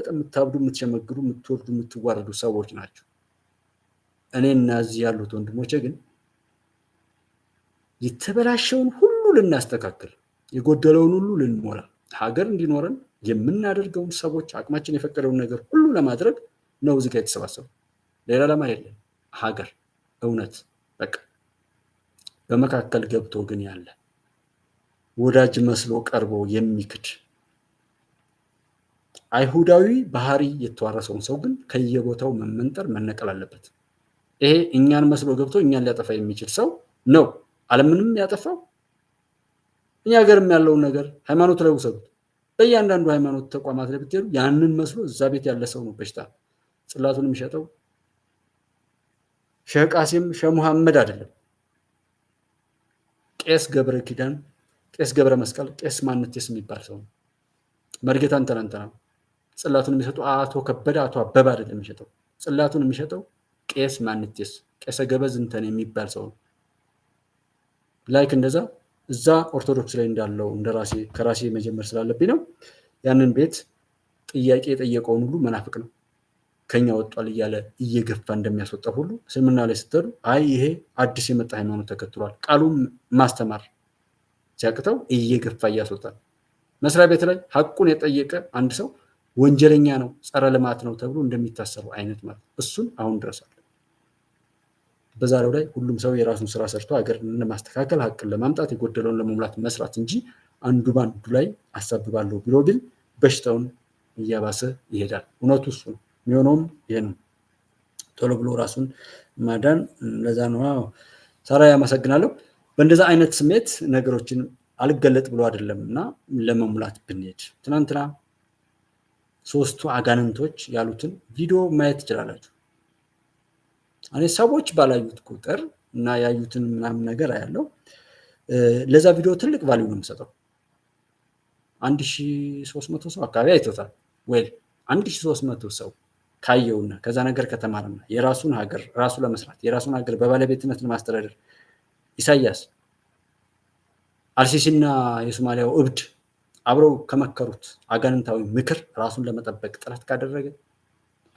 በጣም የምታብዱ፣ የምትሸመግሉ፣ የምትወርዱ፣ የምትዋረዱ ሰዎች ናቸው። እኔ እና እዚህ ያሉት ወንድሞቼ ግን የተበላሸውን ሁሉ ልናስተካክል፣ የጎደለውን ሁሉ ልንሞላ፣ ሀገር እንዲኖረን የምናደርገውን ሰዎች አቅማችን የፈቀደውን ነገር ሁሉ ለማድረግ ነው እዚጋ የተሰባሰቡ። ሌላ ዓላማ የለም። ሀገር እውነት በቃ በመካከል ገብቶ ግን ያለ ወዳጅ መስሎ ቀርቦ የሚክድ አይሁዳዊ ባህሪ የተዋረሰውን ሰው ግን ከየቦታው መመንጠር መነቀል አለበት። ይሄ እኛን መስሎ ገብቶ እኛን ሊያጠፋ የሚችል ሰው ነው። ዓለምንም ያጠፋው እኛ ሀገርም ያለውን ነገር ሃይማኖት ላይ ውሰዱት። በእያንዳንዱ ሃይማኖት ተቋማት ላይ ብትሄዱ ያንን መስሎ እዛ ቤት ያለ ሰው ነው በሽታ። ጽላቱን የሚሸጠው ሸህ ቃሲም ሸህ ሙሐመድ አይደለም። ቄስ ገብረ ኪዳን፣ ቄስ ገብረ መስቀል፣ ቄስ ማንቴስ የሚባል ሰው ነው። መርጌታን ተናንተና ጽላቱን የሚሰጡ አቶ ከበደ አቶ አበበ አይደለም የሚሸጠው። ጽላቱን የሚሸጠው ቄስ ማንቴስ ቄሰ ገበዝ እንተን የሚባል ሰው ነው። ላይክ እንደዛ እዛ ኦርቶዶክስ ላይ እንዳለው እንደ ራሴ ከራሴ መጀመር ስላለብኝ ነው። ያንን ቤት ጥያቄ የጠየቀውን ሁሉ መናፍቅ ነው ከኛ ወጧል እያለ እየገፋ እንደሚያስወጣ ሁሉ እስልምና ላይ ስትሄዱ አይ ይሄ አዲስ የመጣ ሃይማኖት ተከትሏል፣ ቃሉም ማስተማር ሲያቅተው እየገፋ እያስወጣል። መስሪያ ቤት ላይ ሀቁን የጠየቀ አንድ ሰው ወንጀለኛ ነው፣ ጸረ ልማት ነው ተብሎ እንደሚታሰቡ አይነት ማለት ነው። እሱን አሁን ድረስ አለ። በዛሬው ላይ ሁሉም ሰው የራሱን ስራ ሰርቶ ሀገርን ለማስተካከል ሀቅን ለማምጣት የጎደለውን ለመሙላት መስራት እንጂ አንዱ በአንዱ ላይ አሳብባለሁ ብሎ ቢል በሽታውን እያባሰ ይሄዳል። እውነቱ እሱ ነው። የሚሆነውም ይህ ነው። ቶሎ ብሎ ራሱን ማዳን ለዛ ነው። ሳራ ያመሰግናለሁ። በእንደዛ አይነት ስሜት ነገሮችን አልገለጥ ብሎ አይደለም እና ለመሙላት ብንሄድ ትናንትና ሶስቱ አጋንንቶች ያሉትን ቪዲዮ ማየት ትችላላችሁ። እኔ ሰዎች ባላዩት ቁጥር እና ያዩትን ምናምን ነገር ያለው ለዛ ቪዲዮ ትልቅ ቫሊዩ ነው የምሰጠው። አንድ ሺ ሶስት መቶ ሰው አካባቢ አይቶታል። ወይ አንድ ሺ ሶስት መቶ ሰው ካየውና ከዛ ነገር ከተማረና የራሱን ሀገር ራሱ ለመስራት የራሱን ሀገር በባለቤትነት ለማስተዳደር ኢሳያስ አልሲሲና የሶማሊያው እብድ አብረው ከመከሩት አጋንንታዊ ምክር ራሱን ለመጠበቅ ጥረት ካደረገ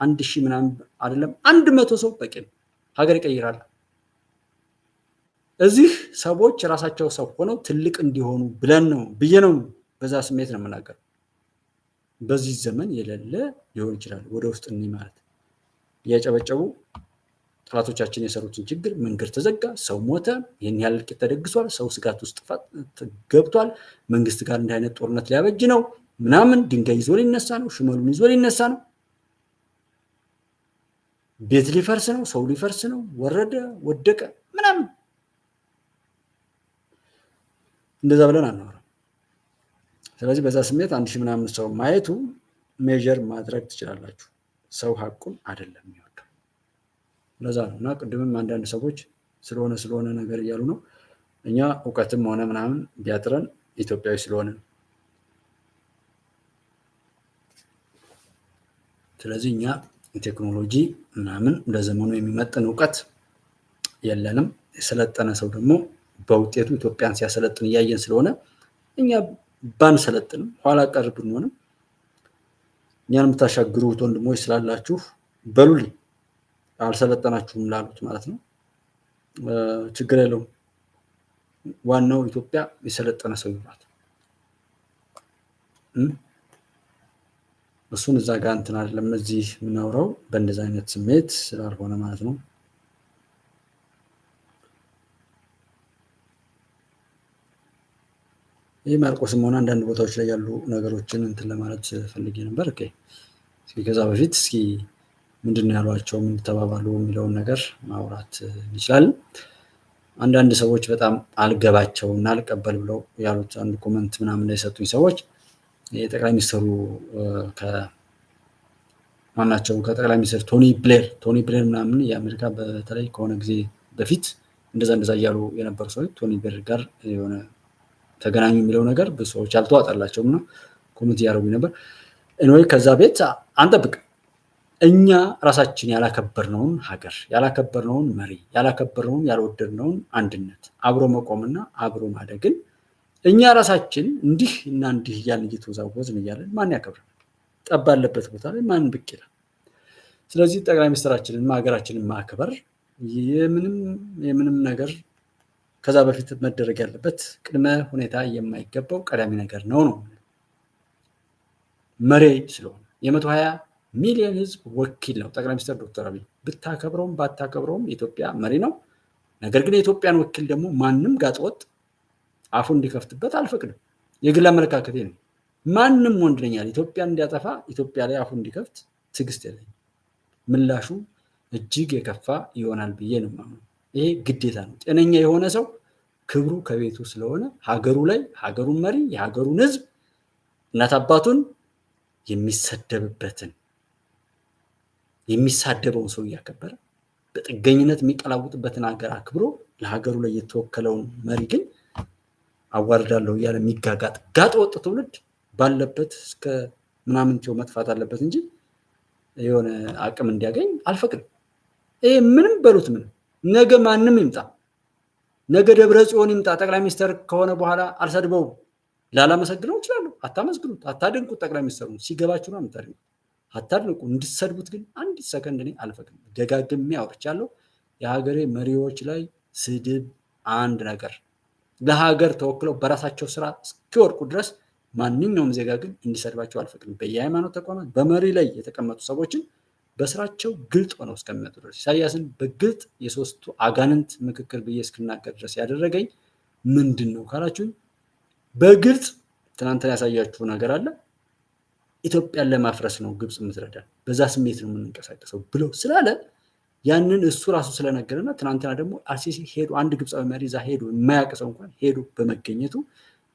አንድ ሺህ ምናምን አይደለም አንድ መቶ ሰው በቂ ነው። ሀገር ይቀይራል። እዚህ ሰዎች ራሳቸው ሰው ሆነው ትልቅ እንዲሆኑ ብለን ነው ብዬ ነው። በዛ ስሜት ነው የምናገር። በዚህ ዘመን የሌለ ሊሆን ይችላል። ወደ ውስጥ እኒ ማለት እያጨበጨቡ ጥፋቶቻችን የሰሩትን ችግር መንገድ ተዘጋ፣ ሰው ሞተ፣ ይህን ያህል እልቂት ተደግሷል፣ ሰው ስጋት ውስጥ ገብቷል፣ መንግስት ጋር እንዲህ አይነት ጦርነት ሊያበጅ ነው ምናምን፣ ድንጋይ ይዞ ሊነሳ ነው፣ ሽመሉን ይዞ ሊነሳ ነው፣ ቤት ሊፈርስ ነው፣ ሰው ሊፈርስ ነው፣ ወረደ፣ ወደቀ ምናምን እንደዛ ብለን አናወራም። ስለዚህ በዛ ስሜት አንድ ሺህ ምናምን ሰው ማየቱ ሜጀር ማድረግ ትችላላችሁ። ሰው ሀቁን አይደለም ለዛ ነው እና ቅድምም አንዳንድ ሰዎች ስለሆነ ስለሆነ ነገር እያሉ ነው። እኛ እውቀትም ሆነ ምናምን ቢያጥረን ኢትዮጵያዊ ስለሆነ ነው። ስለዚህ እኛ የቴክኖሎጂ ምናምን ለዘመኑ የሚመጥን እውቀት የለንም። የሰለጠነ ሰው ደግሞ በውጤቱ ኢትዮጵያን ሲያሰለጥን እያየን ስለሆነ እኛ ባንሰለጥንም ኋላ ቀር ብንሆንም እኛን የምታሻግሩት ወንድሞች ስላላችሁ በሉልኝ። አልሰለጠናችሁም ላሉት ማለት ነው ችግር የለውም። ዋናው ኢትዮጵያ የሰለጠነ ሰው ይኖራት፣ እሱን እዛ ጋር እንትን አይደለም እዚህ የምናውረው በእንደዚ አይነት ስሜት ስላልሆነ ማለት ነው። ይህ ማርቆስም ሆነ አንዳንድ ቦታዎች ላይ ያሉ ነገሮችን እንትን ለማለት ፈልጌ ነበር። ከዛ በፊት እስኪ ምንድን ነው ያሏቸው፣ ምን ተባባሉ የሚለውን ነገር ማውራት እንችላለን። አንዳንድ ሰዎች በጣም አልገባቸው እና አልቀበል ብለው ያሉት አንድ ኮመንት ምናምን ላይ የሰጡኝ ሰዎች የጠቅላይ ሚኒስትሩ ማናቸው ከጠቅላይ ሚኒስትር ቶኒ ብሌር ቶኒ ብሌር ምናምን የአሜሪካ በተለይ ከሆነ ጊዜ በፊት እንደዛ እንደዛ እያሉ የነበሩ ሰዎች ቶኒ ብሌር ጋር የሆነ ተገናኙ የሚለው ነገር ብዙ ሰዎች አልተዋጠላቸውም እና ኮመንት እያደረጉኝ ነበር። ኤኒዌይ ከዛ ቤት አንጠብቅ እኛ ራሳችን ያላከበርነውን ሀገር፣ ያላከበርነውን መሪ፣ ያላከበርነውን ያልወደድነውን አንድነት፣ አብሮ መቆምና አብሮ ማደግን እኛ ራሳችን እንዲህ እና እንዲህ እያልን እየተወዛወዝን እያለን ማን ያከብራል? ጠብ ያለበት ቦታ ላይ ማን ብቅ ይላል? ስለዚህ ጠቅላይ ሚኒስትራችንን ሀገራችንን ማክበር የምንም የምንም ነገር ከዛ በፊት መደረግ ያለበት ቅድመ ሁኔታ የማይገባው ቀዳሚ ነገር ነው ነው መሬ ስለሆነ የመቶ ሀያ ሚሊዮን ህዝብ ወኪል ነው ጠቅላይ ሚኒስትር ዶክተር አብይ ብታከብረውም ባታከብረውም የኢትዮጵያ መሪ ነው። ነገር ግን የኢትዮጵያን ወኪል ደግሞ ማንም ጋጠወጥ አፉ እንዲከፍትበት አልፈቅድም። የግል አመለካከቴ ነው። ማንም ወንድ ነኛል ኢትዮጵያን እንዲያጠፋ ኢትዮጵያ ላይ አፉ እንዲከፍት ትዕግስት የለኝ። ምላሹ እጅግ የከፋ ይሆናል ብዬ ነው የማምነው። ይሄ ግዴታ ነው። ጤነኛ የሆነ ሰው ክብሩ ከቤቱ ስለሆነ ሀገሩ ላይ ሀገሩን መሪ የሀገሩን ህዝብ እናት አባቱን የሚሰደብበትን የሚሳደበውን ሰው እያከበረ በጥገኝነት የሚቀላውጥበትን ሀገር አክብሮ ለሀገሩ ላይ የተወከለውን መሪ ግን አዋርዳለሁ እያለ የሚጋጋጥ ጋጥ ወጥ ትውልድ ባለበት እስከ ምናምንቴው መጥፋት አለበት እንጂ የሆነ አቅም እንዲያገኝ አልፈቅድም። ይህ ምንም በሉት ምን ነገ ማንም ይምጣ ነገ ደብረ ጽዮን ይምጣ ጠቅላይ ሚኒስተር ከሆነ በኋላ አልሰድበውም። ላላመሰግነው እችላለሁ። አታመስግኑት፣ አታደንቁት። ጠቅላይ ሚኒስተሩ ሲገባችሁ ነው የምታደንቁት። አታድንቁ። እንድሰድቡት ግን አንድ ሰከንድ እኔ አልፈቅድም። ደጋግሜ አውርቻለሁ። የሀገሬ መሪዎች ላይ ስድብ አንድ ነገር ለሀገር ተወክለው በራሳቸው ስራ እስኪወርቁ ድረስ ማንኛውም ዜጋ ግን እንዲሰድባቸው አልፈቅድም። በየሃይማኖት ተቋማት በመሪ ላይ የተቀመጡ ሰዎችን በስራቸው ግልጥ ሆነው እስከሚመጡ ድረስ ኢሳያስን በግልጥ የሶስቱ አጋንንት ምክክር ብዬ እስክናገር ድረስ ያደረገኝ ምንድን ነው ካላችሁኝ፣ በግልጽ ትናንትና ያሳያችሁ ነገር አለ። ኢትዮጵያን ለማፍረስ ነው ግብፅ የምትረዳ በዛ ስሜት ነው የምንንቀሳቀሰው ብለው ስላለ ያንን እሱ ራሱ ስለነገረና ትናንትና ደግሞ አርሲሲ ሄዶ አንድ ግብፃዊ መሪ እዛ ሄዶ የማያቅሰው እንኳን ሄዶ በመገኘቱ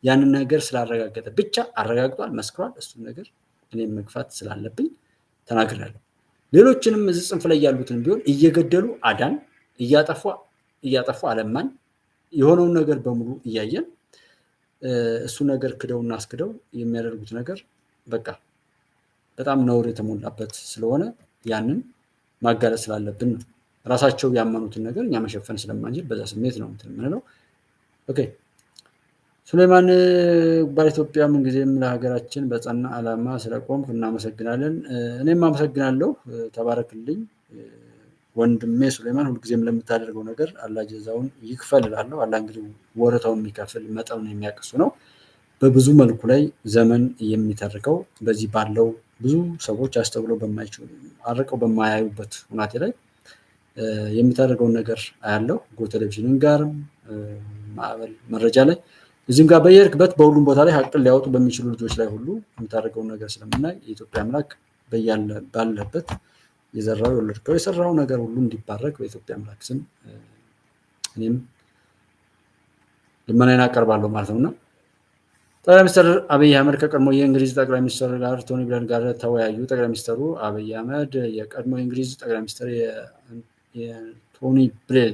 ያንን ነገር ስላረጋገጠ ብቻ አረጋግጧል፣ መስክሯል። እሱን ነገር እኔም መግፋት ስላለብኝ ተናግሬያለሁ። ሌሎችንም እዚህ ጽንፍ ላይ ያሉትን ቢሆን እየገደሉ አዳን እያጠፉ እያጠፉ አለማን የሆነውን ነገር በሙሉ እያየን እሱ ነገር ክደው አስክደው የሚያደርጉት ነገር በቃ በጣም ነውር የተሞላበት ስለሆነ ያንን ማጋለጥ ስላለብን ነው። ራሳቸው ያመኑትን ነገር እኛ መሸፈን ስለማንችል በዛ ስሜት ነው እንትን የምንለው። ኦኬ ሱሌማን ባለ ኢትዮጵያ ምንጊዜም ለሀገራችን በጸና ዓላማ ስለቆምክ እናመሰግናለን። እኔም አመሰግናለሁ። ተባረክልኝ ወንድሜ ሱሌማን፣ ሁልጊዜም ለምታደርገው ነገር አላ ጀዛውን ይክፈል እላለሁ። አላ እንግዲህ ወረታውን የሚከፍል መጠኑን የሚያቅሱ ነው። በብዙ መልኩ ላይ ዘመን የሚተርከው በዚህ ባለው ብዙ ሰዎች አስተውለው በማይችሉ አርቀው በማያዩበት ሁናቴ ላይ የምታደርገውን ነገር አያለው። ጎ ቴሌቪዥንን ጋርም ማዕበል መረጃ ላይ እዚህም ጋር በየርክበት በሁሉም ቦታ ላይ ሀቅን ሊያወጡ በሚችሉ ልጆች ላይ ሁሉ የምታደርገውን ነገር ስለምናይ የኢትዮጵያ አምላክ ባለበት የዘራው የወለድከው የሰራው ነገር ሁሉ እንዲባረክ በኢትዮጵያ አምላክ ስም እኔም ልመናዬን አቀርባለሁ ማለት ነውና ጠቅላይ ሚኒስትር አብይ አህመድ ከቀድሞ የእንግሊዝ ጠቅላይ ሚኒስትር ጋር ቶኒ ብለን ጋር ተወያዩ። ጠቅላይ ሚኒስትሩ አብይ አህመድ የቀድሞ የእንግሊዝ ጠቅላይ ሚኒስትር የቶኒ ብሌር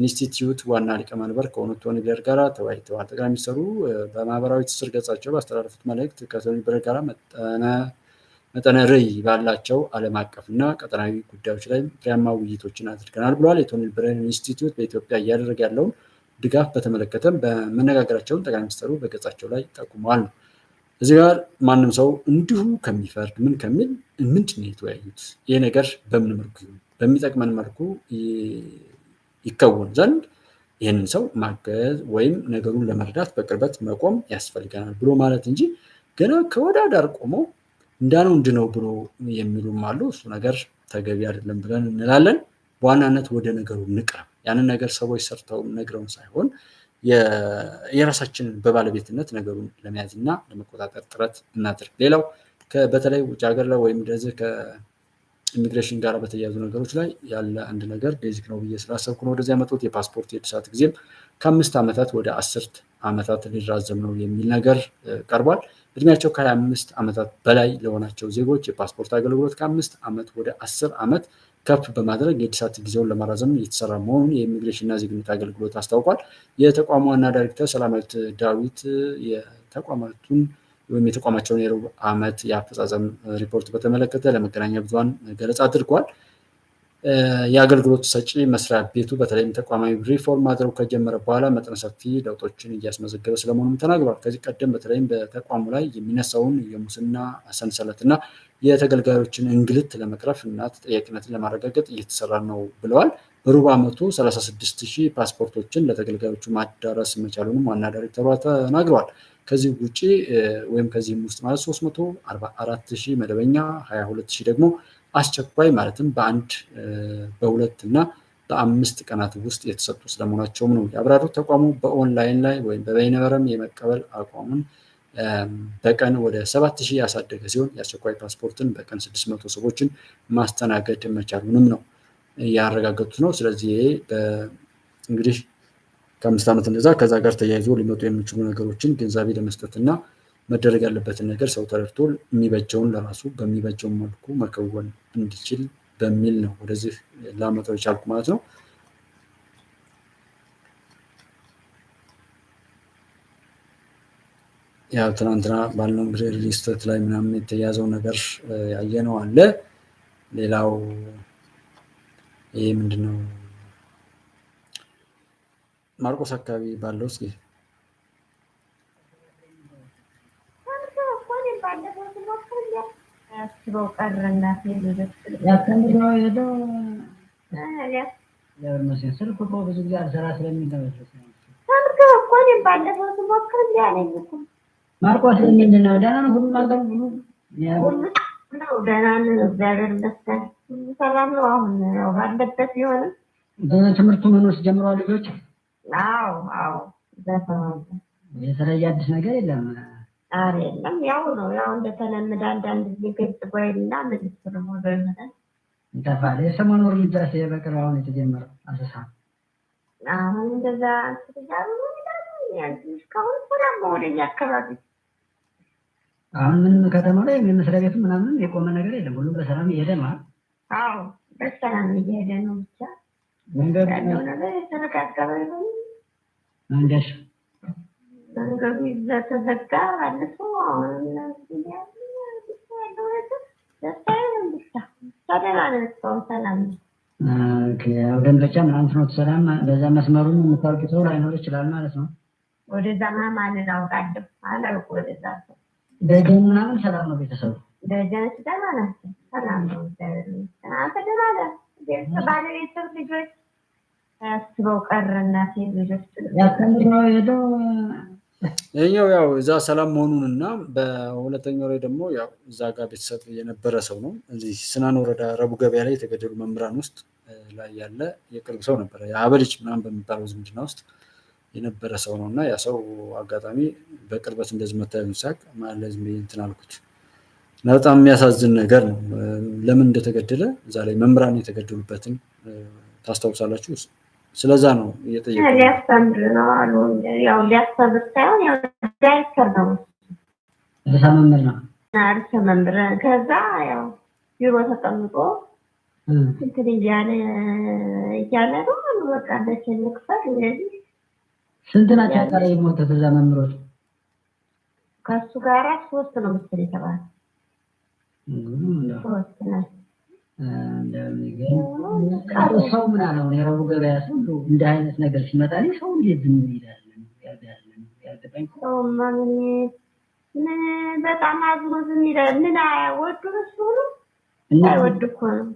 ኢንስቲትዩት ዋና ሊቀመንበር ከሆኑት ቶኒ ብሌር ጋር ተወያይተዋል። ጠቅላይ ሚኒስትሩ በማህበራዊ ትስስር ገጻቸው ባስተላለፉት መልእክት ከቶኒ ብሌር ጋር መጠነ ርዕይ ባላቸው ዓለም አቀፍና ቀጠናዊ ጉዳዮች ላይ ፍሬያማ ውይይቶችን አድርገናል ብለዋል። የቶኒ ብሌር ኢንስቲትዩት በኢትዮጵያ እያደረገ ያለውን ድጋፍ በተመለከተም በመነጋገራቸውን ጠቅላይ ሚኒስትሩ በገጻቸው ላይ ጠቁመዋል ነው። እዚህ ጋር ማንም ሰው እንዲሁ ከሚፈርድ ምን ከሚል ምንድን ነው የተወያዩት? ይህ ነገር በምን መልኩ ይሁን በሚጠቅመን መልኩ ይከወን ዘንድ ይህንን ሰው ማገዝ ወይም ነገሩን ለመርዳት በቅርበት መቆም ያስፈልገናል ብሎ ማለት እንጂ ገና ከወዳ ዳር ቆሞ እንዳነው እንድነው ብሎ የሚሉም አሉ። እሱ ነገር ተገቢ አይደለም ብለን እንላለን። በዋናነት ወደ ነገሩ ንቅረብ። ያንን ነገር ሰዎች ሰርተው ነግረውን ሳይሆን የራሳችን በባለቤትነት ነገሩን ለመያዝ እና ለመቆጣጠር ጥረት እናድርግ። ሌላው በተለይ ውጭ ሀገር ላይ ወይም እንደዚህ ከኢሚግሬሽን ጋር በተያያዙ ነገሮች ላይ ያለ አንድ ነገር ቤዚክ ነው ብዬ ስላሰብኩ ነው ወደዚህ ያመጡት። የፓስፖርት የእድሳት ጊዜም ከአምስት ዓመታት ወደ አስርት ዓመታት ሊራዘም ነው የሚል ነገር ቀርቧል። እድሜያቸው ከሀያ አምስት ዓመታት በላይ ለሆናቸው ዜጎች የፓስፖርት አገልግሎት ከአምስት ዓመት ወደ አስር ዓመት ከፍ በማድረግ የእድሳት ጊዜውን ለማራዘም እየተሰራ መሆኑን የኢሚግሬሽንና ዜግነት አገልግሎት አስታውቋል። የተቋሙ ዋና ዳይሬክተር ሰላማዊት ዳዊት የተቋማቱን ወይም የተቋማቸውን የሩብ ዓመት የአፈጻጸም ሪፖርት በተመለከተ ለመገናኛ ብዙሃን ገለጻ አድርጓል። የአገልግሎት ሰጪ መስሪያ ቤቱ በተለይም ተቋማዊ ሪፎርም ማድረጉ ከጀመረ በኋላ መጠነ ሰፊ ለውጦችን እያስመዘገበ ስለመሆኑም ተናግሯል። ከዚህ ቀደም በተለይም በተቋሙ ላይ የሚነሳውን የሙስና ሰንሰለትና የተገልጋዮችን እንግልት ለመቅረፍ እና ተጠያቂነትን ለማረጋገጥ እየተሰራ ነው ብለዋል። በሩብ ዓመቱ 36 ሺህ ፓስፖርቶችን ለተገልጋዮቹ ማዳረስ መቻሉንም ዋና ዳይሬክተሯ ተናግረዋል። ከዚህ ውጪ ወይም ከዚህም ውስጥ ማለት 344 ሺህ መደበኛ፣ 22 ሺህ ደግሞ አስቸኳይ ማለትም በአንድ በሁለት እና በአምስት ቀናት ውስጥ የተሰጡ ስለመሆናቸውም ነው ያብራሩት። ተቋሙ በኦንላይን ላይ ወይም በበይነበረም የመቀበል አቋሙን በቀን ወደ ሰባት ሺህ ያሳደገ ሲሆን የአስቸኳይ ፓስፖርትን በቀን ስድስት መቶ ሰዎችን ማስተናገድ መቻሉንም ነው ያረጋገጡት ነው። ስለዚህ እንግዲህ ከአምስት ዓመት እንደዛ ከዛ ጋር ተያይዞ ሊመጡ የሚችሉ ነገሮችን ግንዛቤ ለመስጠት እና መደረግ ያለበትን ነገር ሰው ተረድቶ የሚበጀውን ለራሱ በሚበጀው መልኩ መከወን እንዲችል በሚል ነው ወደዚህ ላመጣው የቻልኩ ማለት ነው። ያው ትናንትና ባለው እንግዲህ ሪሊስተት ላይ ምናምን የተያዘው ነገር ያየነው አለ። ሌላው ይህ ምንድነው ማርቆስ አካባቢ ባለው እስኪ ሳስበው ቀረ። እናቴ ያከንደው ስልክ እኮ ብዙ ጊዜ አልሰራ ስለሚል ነው። እኮ እኔም ባለፈው ስሞክር እንዲ አለኝ እኮ ማርቆስ። ምንድን ነው ደህና ነው? ሁሉም አገር ሁሉ ትምህርቱ ምን ውስጥ ጀምሯል ልጆች? የተለየ አዲስ ነገር የለም። ኧረ የለም ያው ነው ያው እንደተለመደ አንዳንድ ጊዜ ገጽ ባይልና ምልክት ነው ይመጣል ይጠፋል። የሰሞኑ እርምጃ በቅርብ አሁን የተጀመረ አሰሳ አሁን እንደዛ ስትጋሩ እስካሁን ሰላም አካባቢ አሁን ምንም ከተማ ላይ መስሪያ ቤት ምናምን የቆመ ነገር የለም። ሁሉም በሰላም እየሄደ ነው። አዎ በሰላም እየሄደ ነው። ብቻ ያለው ነገር የተረጋገበ ነው እንዴት መንገዱ ስለተዘጋ መልሶ አሁን ደንበጫ ምናምን ፍኖተ ሰላም በዛ መስመሩን የምታውቂ ሰው ላይኖር ይችላል ማለት ነው። ወደዛ ማንን አውቃለሁ አላውቅ ወደዛ ሰው ደጀን ምናምን ሰላም ነው። ቤተሰቡ ደጀን ስደማ ናቸው ሰላም ነው። አንተ ልጆች አስበው ቀርና ልጆች ያስተምረው ሄደው ይህኛው ያው እዛ ሰላም መሆኑን እና በሁለተኛው ላይ ደግሞ ያው እዛ ጋር ቤተሰብ የነበረ ሰው ነው። እዚህ ስናን ወረዳ ረቡዕ ገበያ ላይ የተገደሉ መምህራን ውስጥ ላይ ያለ የቅርብ ሰው ነበረ። የአበልጭ ምናምን በሚባለው ዝምድና ውስጥ የነበረ ሰው ነው እና ያ ሰው አጋጣሚ በቅርበት እንደዚህ መታየቱን ሳቅ ማለዝ እንትን አልኩት እና በጣም የሚያሳዝን ነገር ነው። ለምን እንደተገደለ እዛ ላይ መምህራን የተገደሉበትን ታስታውሳላችሁ። ስለዛ ነው እየጠየቁ ሊያስተምር ነው አሉ። ያው ሊያስተምር ሳይሆን ያው ዳይሬክተር ነው ርዕሰ መምህር ነው ርዕሰ መምህር። ከዛ ያው ቢሮ ተቀምጦ እንትን እያለ እያለ ነው አሉ። በቃ እንደዚህ። ስንት ናቸው ከዛ መምህሮች? ከእሱ ጋራ ሶስት ነው ምስል የተባለ ሶስት ናቸው ቃሉ ሰው ምን አለው? የረቡዕ ገበያ ሰው እንደ አይነት ነገር ሲመጣ ሰው እንዴት ዝም ይላል? በጣም አዝኖ ዝም ይላል። ምን ወዱ እሱ ነው አይወድ እኮ ነው።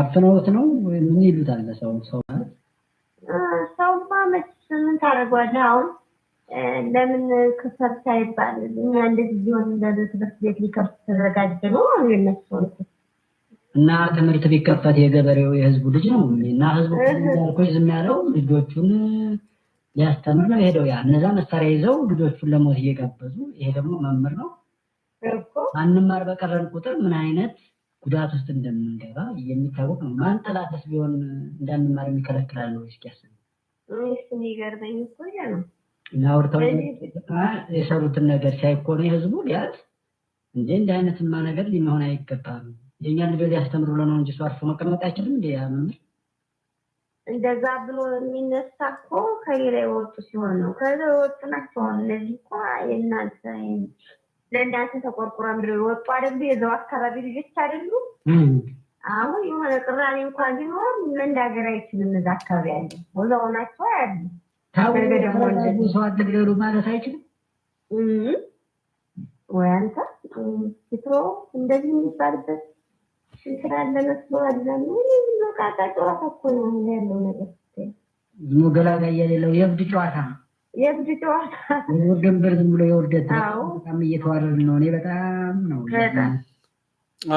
አፍነውት ነው ምን ይሉታል? ሰው ሰው ሰውማ ምን አሁን ለምን ክፈት ሳይባል እኛ እንደዚህ ቢሆን ትምህርት ቤት ሊከፍት ተዘጋጀ ነው የነሱ ነው እና ትምህርት ቢከፈት የገበሬው የህዝቡ ልጅ ነው እና ህዝቡ ያልኩኝ ዝም ያለው ልጆቹን ሊያስተምር ነው የሄደው። ያ እነዛ መሳሪያ ይዘው ልጆቹን ለሞት እየጋበዙ፣ ይሄ ደግሞ መምህር ነው። አንማር በቀረን ቁጥር ምን አይነት ጉዳት ውስጥ እንደምንገባ የሚታወቅ ነው። ማን ጠላትስ ቢሆን እንዳንማር የሚከለክላሉ? እስኪያስብ ሚገርበኝ እኮ ነው። የሰሩትን ነገር ሲያይ ህዝቡ ሊያት እንዴ እንደ እንጂ እንዲህ አይነትማ ነገር ሊመሆን አይገባም። የእኛን ልጆች ሊያስተምር ብሎ ነው እንጂ እሱ አርፎ መቀመጥ አይችልም። እንደ መምህር እንደዛ ብሎ የሚነሳ እኮ ከሌላ የወጡ ሲሆን ነው። ከዛ የወጡ ናቸው። እነዚህ እኮ የእናንተ ለእንዳንተ ተቆርቁረ ምድ ወጡ አደሉ? የዛው አካባቢ ልጆች አይደሉ? አሁን የሆነ ቅራኔ እንኳን ቢኖር መንዳገር አይችልም። እዛ አካባቢ ያለ ወዛው ናቸው ያሉ ሰው ማለት አይችልም ወይ አንተ ፊትሮ እንደዚህ የሚባልበት ስራ ዝሞ የሌለው የእብድ ጨዋታ የእብድ ጨዋታ ወገንበር ዝም ብሎ የውርደት በጣም እየተዋረድ ነው። እኔ በጣም ነው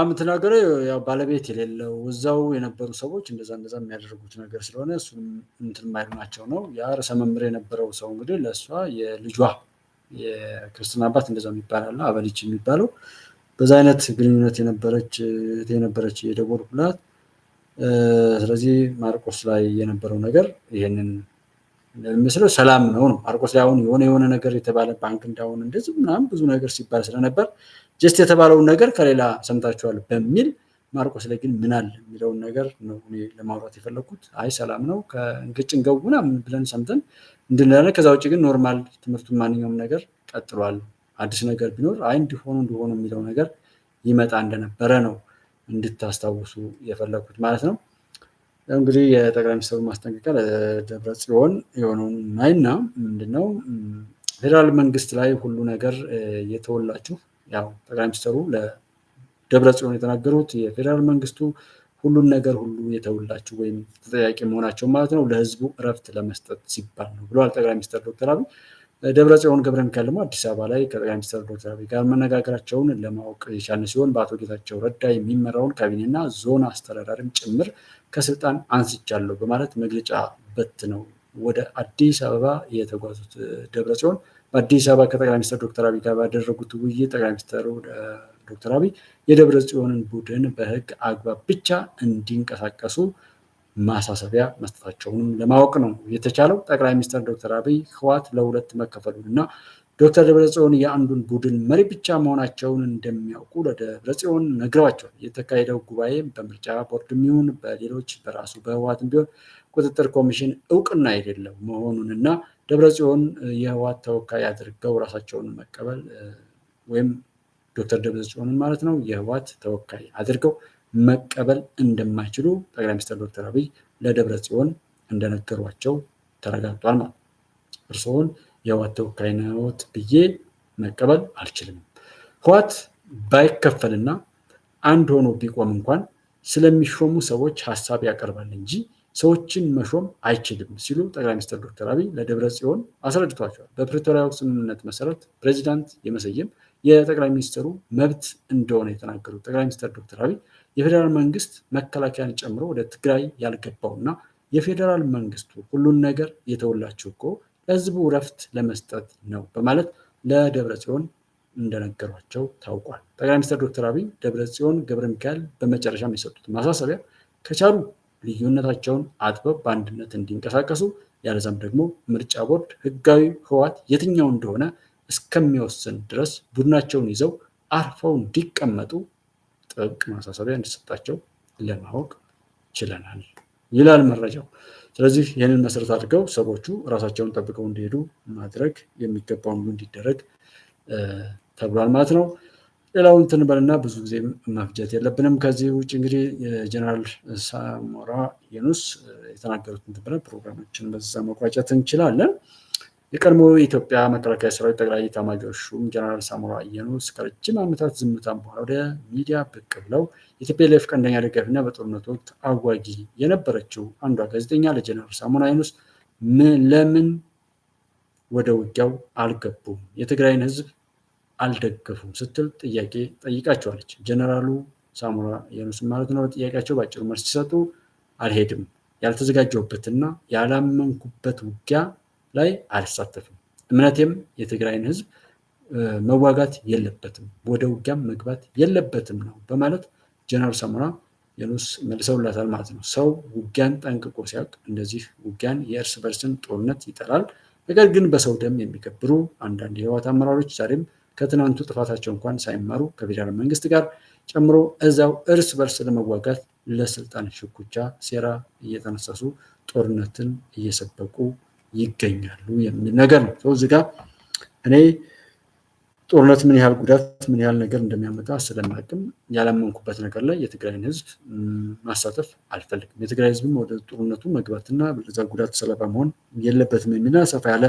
የምትናገረው ያው ባለቤት የሌለው እዛው የነበሩ ሰዎች እንደዛ እንደዛ የሚያደርጉት ነገር ስለሆነ እሱም እንትን የማይሉ ናቸው ነው ያ ርዕሰ መምህር የነበረው ሰው እንግዲህ ለእሷ የልጇ የክርስትና አባት እንደዛ የሚባላለ አበልች የሚባለው በዛ አይነት ግንኙነት የነበረች የነበረች የደቦርኩ ናት። ስለዚህ ማርቆስ ላይ የነበረው ነገር ይሄንን የሚመስለው ሰላም ነው ነው ማርቆስ ላይ አሁን የሆነ የሆነ ነገር የተባለ ባንክ እንዳሁን እንደዚህ ምናምን ብዙ ነገር ሲባል ስለነበር ጀስት የተባለውን ነገር ከሌላ ሰምታችኋል በሚል ማርቆስ ላይ ግን ምናል የሚለውን ነገር ነው እኔ ለማውራት የፈለግኩት። አይ ሰላም ነው ከእንቅጭን ገቡ ምናምን ብለን ሰምተን እንድንላለን። ከዛ ውጭ ግን ኖርማል ትምህርቱን ማንኛውም ነገር ቀጥሏል። አዲስ ነገር ቢኖር አይ እንዲሆኑ እንዲሆኑ የሚለው ነገር ይመጣ እንደነበረ ነው እንድታስታውሱ የፈለኩት ማለት ነው። እንግዲህ የጠቅላይ ሚኒስትሩ ማስጠንቀቂያ ለደብረ ጽዮን የሆነውን ናይና ምንድነው ፌዴራል መንግስት ላይ ሁሉ ነገር የተወላችሁ ያው ጠቅላይ ሚኒስትሩ ለደብረ ጽዮን የተናገሩት የፌዴራል መንግስቱ ሁሉን ነገር ሁሉ የተውላችሁ ወይም ተጠያቂ መሆናቸው ማለት ነው ለህዝቡ እረፍት ለመስጠት ሲባል ነው ብለዋል ጠቅላይ ሚኒስትር ዶክተር አብይ። ደብረ ጽዮን ገብረ ሚካኤል ደግሞ አዲስ አበባ ላይ ከጠቅላይ ሚኒስትር ዶክተር አብይ ጋር መነጋገራቸውን ለማወቅ የቻለ ሲሆን በአቶ ጌታቸው ረዳ የሚመራውን ካቢኔና ዞን አስተዳዳሪም ጭምር ከስልጣን አንስቻለሁ በማለት መግለጫ በትነው ወደ አዲስ አበባ የተጓዙት ደብረ ጽዮን በአዲስ አበባ ከጠቅላይ ሚኒስትር ዶክተር አብይ ጋር ባደረጉት ውይይት ጠቅላይ ሚኒስትሩ ዶክተር አብይ የደብረ ጽዮንን ቡድን በህግ አግባብ ብቻ እንዲንቀሳቀሱ ማሳሰቢያ መስጠታቸውንም ለማወቅ ነው የተቻለው። ጠቅላይ ሚኒስትር ዶክተር አብይ ህወሓት ለሁለት እና ዶክተር ደብረጽዮን የአንዱን ቡድን መሪ ብቻ መሆናቸውን እንደሚያውቁ ለደብረጽዮን ነግረዋቸዋል። የተካሄደው ጉባኤ በምርጫ ቦርድ የሚሆን በሌሎች በራሱ በህወሓትም ቢሆን ቁጥጥር ኮሚሽን እውቅና የሌለው እና ደብረጽዮን የህወሓት ተወካይ አድርገው ራሳቸውን መቀበል ወይም ዶክተር ደብረጽዮንን ማለት ነው የህወሓት ተወካይ አድርገው መቀበል እንደማይችሉ ጠቅላይ ሚኒስትር ዶክተር አብይ ለደብረ ጽዮን እንደነገሯቸው ተረጋግጧል። ማለት እርስዎን የህወሓት ተወካይ ነዎት ብዬ መቀበል አልችልም። ህወሓት ባይከፈልና አንድ ሆኖ ቢቆም እንኳን ስለሚሾሙ ሰዎች ሀሳብ ያቀርባል እንጂ ሰዎችን መሾም አይችልም ሲሉ ጠቅላይ ሚኒስትር ዶክተር አብይ ለደብረ ጽዮን አስረድቷቸዋል። በፕሪቶሪያው ስምምነት መሰረት ፕሬዚዳንት የመሰየም የጠቅላይ ሚኒስትሩ መብት እንደሆነ የተናገሩት ጠቅላይ ሚኒስትር ዶክተር አብይ የፌዴራል መንግስት መከላከያን ጨምሮ ወደ ትግራይ ያልገባው እና የፌዴራል መንግስቱ ሁሉን ነገር የተወላቸው እኮ ለህዝቡ እረፍት ለመስጠት ነው በማለት ለደብረ ጽዮን እንደነገሯቸው ታውቋል። ጠቅላይ ሚኒስትር ዶክተር አብይ ደብረ ጽዮን ገብረ ሚካኤል በመጨረሻም የሰጡት ማሳሰቢያ ከቻሉ ልዩነታቸውን አጥበብ በአንድነት እንዲንቀሳቀሱ ያለዛም ደግሞ ምርጫ ቦርድ ህጋዊ ህዋት የትኛው እንደሆነ እስከሚወስን ድረስ ቡድናቸውን ይዘው አርፈው እንዲቀመጡ ጥብቅ ማሳሰቢያ እንዲሰጣቸው ለማወቅ ችለናል ይላል መረጃው። ስለዚህ ይህንን መሰረት አድርገው ሰዎቹ ራሳቸውን ጠብቀው እንዲሄዱ ማድረግ የሚገባውን እንዲደረግ ተብሏል ማለት ነው። ሌላውን በልና ብዙ ጊዜ መፍጀት የለብንም። ከዚህ ውጭ እንግዲህ የጀነራል ሳሞራ የኑስ የተናገሩትን ትንበላ ፕሮግራማችን በዛ መቋጨት እንችላለን። የቀድሞ የኢትዮጵያ መከላከያ ሰራዊት ጠቅላይ ኤታማዦር ሹም ጀነራል ሳሞራ አየኑ ከረጅም ዓመታት ዝምታን በኋላ ወደ ሚዲያ ብቅ ብለው የቲፒኤልኤፍ ቀንደኛ ደጋፊና በጦርነት ወቅት አዋጊ የነበረችው አንዷ ጋዜጠኛ ለጀነራል ሳሞራ አየኑስ ለምን ወደ ውጊያው አልገቡም፣ የትግራይን ህዝብ አልደገፉም ስትል ጥያቄ ጠይቃቸዋለች። ጀነራሉ ሳሞራ አየኑስ ማለት ነው ጥያቄያቸው በአጭሩ መልስ ሲሰጡ አልሄድም፣ ያልተዘጋጀሁበትና ያላመንኩበት ውጊያ ላይ አልሳተፍም። እምነቴም የትግራይን ህዝብ መዋጋት የለበትም፣ ወደ ውጊያም መግባት የለበትም ነው በማለት ጀነራል ሳሞራ የኑስ መልሰውላታል ማለት ነው። ሰው ውጊያን ጠንቅቆ ሲያውቅ እንደዚህ ውጊያን የእርስ በርስን ጦርነት ይጠላል። ነገር ግን በሰው ደም የሚገብሩ አንዳንድ የህወሓት አመራሮች ዛሬም ከትናንቱ ጥፋታቸው እንኳን ሳይማሩ ከፌዴራል መንግስት ጋር ጨምሮ እዛው እርስ በርስ ለመዋጋት ለስልጣን ሽኩቻ ሴራ እየጠነሰሱ ጦርነትን እየሰበቁ ይገኛሉ የሚል ነገር ነው። ሰው እዚጋ እኔ ጦርነት ምን ያህል ጉዳት ምን ያህል ነገር እንደሚያመጣ ስለማቅም ያላመንኩበት ነገር ላይ የትግራይን ህዝብ ማሳተፍ አልፈልግም። የትግራይ ህዝብም ወደ ጦርነቱ መግባትና በዛ ጉዳት ሰለባ መሆን የለበትም የሚልና ሰፋ ያለ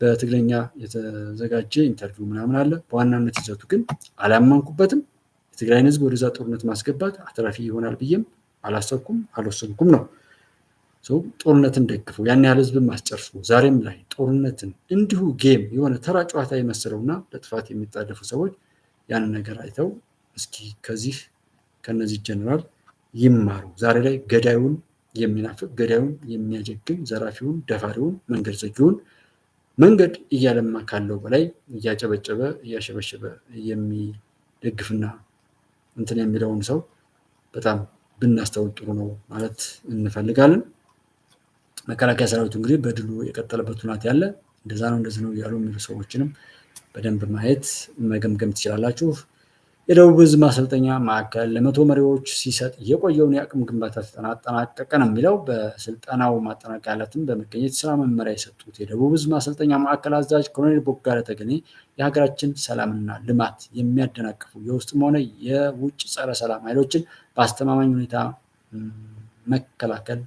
በትግረኛ የተዘጋጀ ኢንተርቪው ምናምን አለ። በዋናነት ይዘቱ ግን አላመንኩበትም። የትግራይን ህዝብ ወደዛ ጦርነት ማስገባት አትራፊ ይሆናል ብዬም አላሰብኩም አልወሰንኩም ነው። ሰው ጦርነትን ደግፈው ያን ያህል ህዝብ ማስጨርሱ ዛሬም ላይ ጦርነትን እንዲሁ ጌም የሆነ ተራ ጨዋታ የመሰለውና ለጥፋት የሚጣደፉ ሰዎች ያንን ነገር አይተው እስኪ ከዚህ ከነዚህ ጀነራል ይማሩ። ዛሬ ላይ ገዳዩን የሚናፍቅ ገዳዩን የሚያጀግን ዘራፊውን፣ ደፋሪውን፣ መንገድ ዘጊውን መንገድ እያለማ ካለው በላይ እያጨበጨበ እያሸበሸበ የሚደግፍና እንትን የሚለውን ሰው በጣም ብናስተውል ጥሩ ነው ማለት እንፈልጋለን። መከላከያ ሰራዊቱ እንግዲህ በድሉ የቀጠለበት ሁናት ያለ እንደዛ ነው እንደዚህ ነው ያሉ የሚሉ ሰዎችንም በደንብ ማየት መገምገም ትችላላችሁ። የደቡብ ህዝብ ማሰልጠኛ ማዕከል ለመቶ መሪዎች ሲሰጥ የቆየውን የአቅም ግንባታ ስልጠና አጠናቀቀ ነው የሚለው። በስልጠናው ማጠናቀቂያ ዕለትም በመገኘት ስራ መመሪያ የሰጡት የደቡብ ህዝብ ማሰልጠኛ ማዕከል አዛዥ ኮሎኔል ቦጋለ ተገኔ የሀገራችን ሰላምና ልማት የሚያደናቅፉ የውስጥም ሆነ የውጭ ጸረ ሰላም ኃይሎችን በአስተማማኝ ሁኔታ መከላከል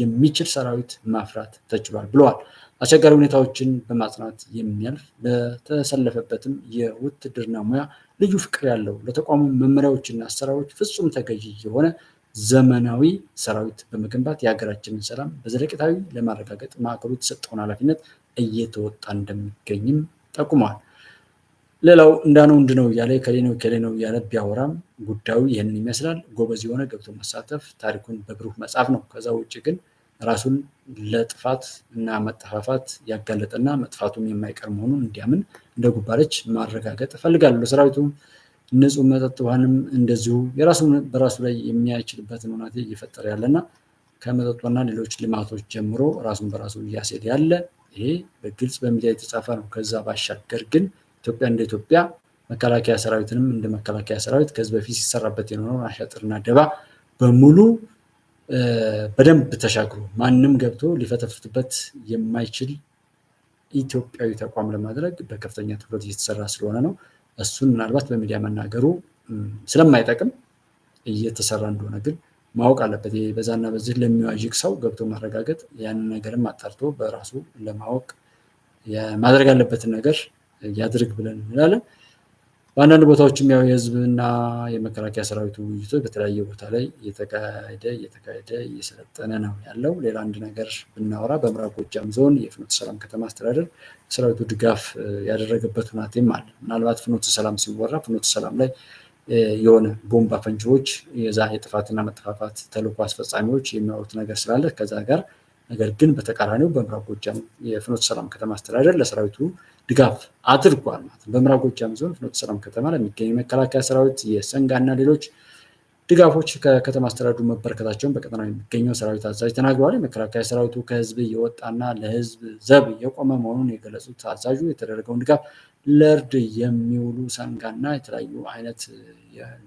የሚችል ሰራዊት ማፍራት ተችሏል ብለዋል። አስቸጋሪ ሁኔታዎችን በማጽናት የሚያልፍ ለተሰለፈበትም የውትድርና ሙያ ልዩ ፍቅር ያለው ለተቋሙ መመሪያዎችና አሰራሮች ፍጹም ተገዢ የሆነ ዘመናዊ ሰራዊት በመገንባት የሀገራችንን ሰላም በዘለቄታዊ ለማረጋገጥ ማዕከሉ የተሰጠውን ኃላፊነት እየተወጣ እንደሚገኝም ጠቁመዋል። ሌላው እንዳነው ነው እያለ ከሌ ነው ከሌ ነው እያለ ቢያወራም ጉዳዩ ይህንን ይመስላል። ጎበዝ የሆነ ገብቶ መሳተፍ ታሪኩን በብሩህ መጽሐፍ ነው። ከዛ ውጭ ግን ራሱን ለጥፋት እና መጠፋፋት ያጋለጠና መጥፋቱም የማይቀር መሆኑን እንዲያምን እንደ ጉባለች ማረጋገጥ እፈልጋለሁ። ሰራዊቱ ንጹህ መጠጥ ውሃንም እንደዚሁ የራሱን በራሱ ላይ የሚያችልበትን ሁናቴ እየፈጠረ ያለና ከመጠጦና ሌሎች ልማቶች ጀምሮ ራሱን በራሱ እያስሄድ ያለ ይሄ በግልጽ በሚዲያ የተጻፈ ነው። ከዛ ባሻገር ግን ኢትዮጵያ እንደ ኢትዮጵያ መከላከያ ሰራዊትንም እንደ መከላከያ ሰራዊት ከዚህ በፊት ሲሰራበት የኖረውን አሻጥርና ደባ በሙሉ በደንብ ተሻግሮ ማንም ገብቶ ሊፈተፍትበት የማይችል ኢትዮጵያዊ ተቋም ለማድረግ በከፍተኛ ትኩረት እየተሰራ ስለሆነ ነው። እሱን ምናልባት በሚዲያ መናገሩ ስለማይጠቅም እየተሰራ እንደሆነ ግን ማወቅ አለበት። በዛና በዚህ ለሚዋዥቅ ሰው ገብቶ ማረጋገጥ ያንን ነገርም አጣርቶ በራሱ ለማወቅ ማድረግ ያለበትን ነገር ያድርግ ብለን እንላለን። በአንዳንድ ቦታዎችም ያው የህዝብና የመከላከያ ሰራዊቱ ውይይቶች በተለያየ ቦታ ላይ እየተካሄደ እየተካሄደ እየሰለጠነ ነው ያለው። ሌላ አንድ ነገር ብናወራ በምዕራብ ጎጃም ዞን የፍኖተ ሰላም ከተማ አስተዳደር ሰራዊቱ ድጋፍ ያደረገበት ሁናቴም አለ። ምናልባት ፍኖተ ሰላም ሲወራ ፍኖተ ሰላም ላይ የሆነ ቦምብ አፈንጂዎች የዛ የጥፋትና መጠፋፋት ተልዕኮ አስፈጻሚዎች የሚያወሩት ነገር ስላለ ከዛ ጋር ነገር ግን በተቃራኒው በምዕራብ ጎጃም የፍኖተ ሰላም ከተማ አስተዳደር ለሰራዊቱ ድጋፍ አድርጓል ማለት ነው። በምዕራብ ጎጃም ዞን ፍኖተ ሰላም ከተማ ለሚገኝ መከላከያ ሰራዊት የሰንጋና ሌሎች ድጋፎች ከከተማ አስተዳደሩ መበረከታቸውን በቀጠና የሚገኘው ሰራዊት አዛዥ ተናግረዋል። የመከላከያ ሰራዊቱ ከህዝብ የወጣና ለህዝብ ዘብ የቆመ መሆኑን የገለጹት አዛዡ የተደረገውን ድጋፍ ለእርድ የሚውሉ ሰንጋና የተለያዩ አይነት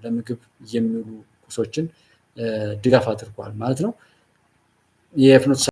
ለምግብ የሚውሉ ቁሶችን ድጋፍ አድርጓል ማለት ነው።